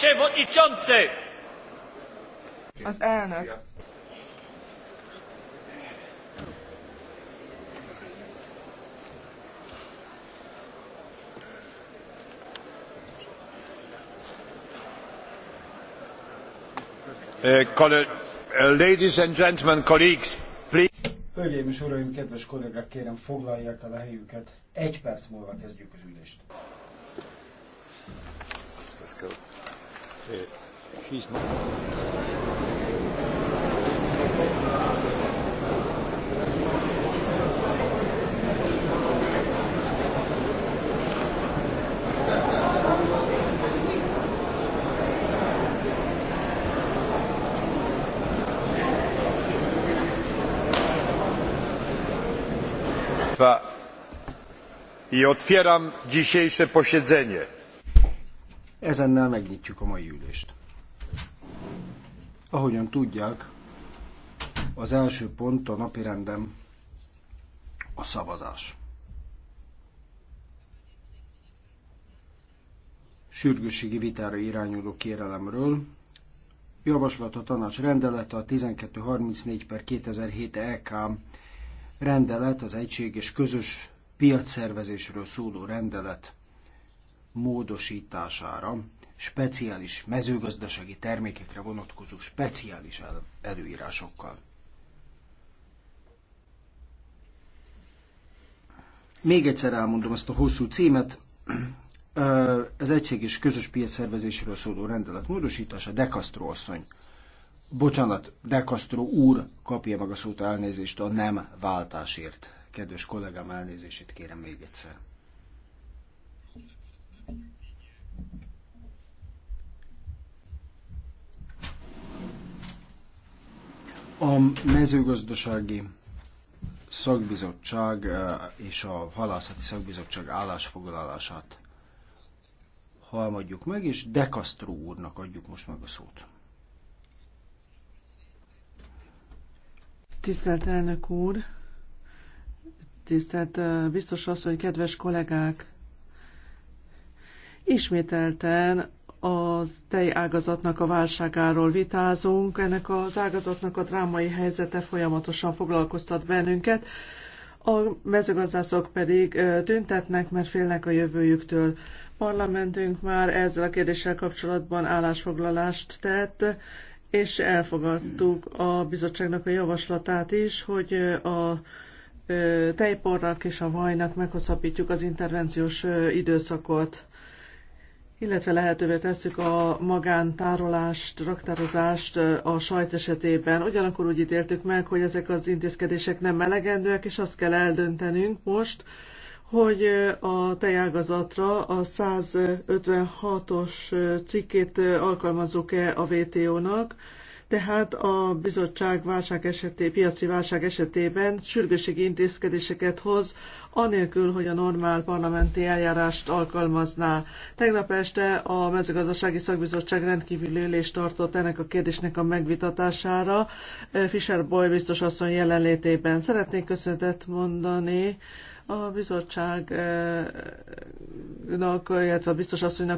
przewodniczący! Az elnök. Eh, eh, ladies and gentlemen, colleagues, please. Hölgyeim és uraim, kedves kollégák, kérem foglalják el a helyüket. Egy perc múlva kezdjük az ülést. Let's go. He's not. i otwieram dzisiejsze posiedzenie. Ezennel megnyitjuk a mai ülést. Ahogyan tudják, az első pont a rendem a szavazás. Sürgősségi vitára irányuló kérelemről javaslat a tanács rendelete a 1234 per 2007 EK rendelet az egység és közös piacszervezésről szóló rendelet módosítására, speciális mezőgazdasági termékekre vonatkozó speciális előírásokkal. Még egyszer elmondom ezt a hosszú címet. Ez és közös piac szervezéséről szóló rendelet módosítása, De Castro asszony. Bocsánat, De Castro úr kapja meg a szót elnézést a nem váltásért. Kedves kollégám, elnézését kérem még egyszer. A mezőgazdasági szakbizottság eh, és a halászati szakbizottság állásfoglalását halmadjuk meg, és De Castro úrnak adjuk most meg a szót. Tisztelt elnök úr, tisztelt eh, biztos asszony, kedves kollégák! Ismételten az tejágazatnak a válságáról vitázunk. Ennek az ágazatnak a drámai helyzete folyamatosan foglalkoztat bennünket, a mezőgazdászok pedig tüntetnek, mert félnek a jövőjüktől. Parlamentünk már ezzel a kérdéssel kapcsolatban állásfoglalást tett, és elfogadtuk a bizottságnak a javaslatát is, hogy a tejporrak és a vajnak meghosszabbítjuk az intervenciós időszakot illetve lehetővé tesszük a magántárolást, raktározást a sajt esetében. Ugyanakkor úgy ítéltük meg, hogy ezek az intézkedések nem melegendőek, és azt kell eldöntenünk most, hogy a tejágazatra a 156-os cikkét alkalmazzuk-e a WTO-nak, tehát a bizottság válság eseté, piaci válság esetében sürgőségi intézkedéseket hoz, anélkül, hogy a normál parlamenti eljárást alkalmazná. Tegnap este a mezőgazdasági szakbizottság rendkívüli ülést tartott ennek a kérdésnek a megvitatására. Eh, Fischer Boy biztos asszony jelenlétében. Szeretnék köszönetet mondani a bizottságnak, illetve a biztos asszonynak,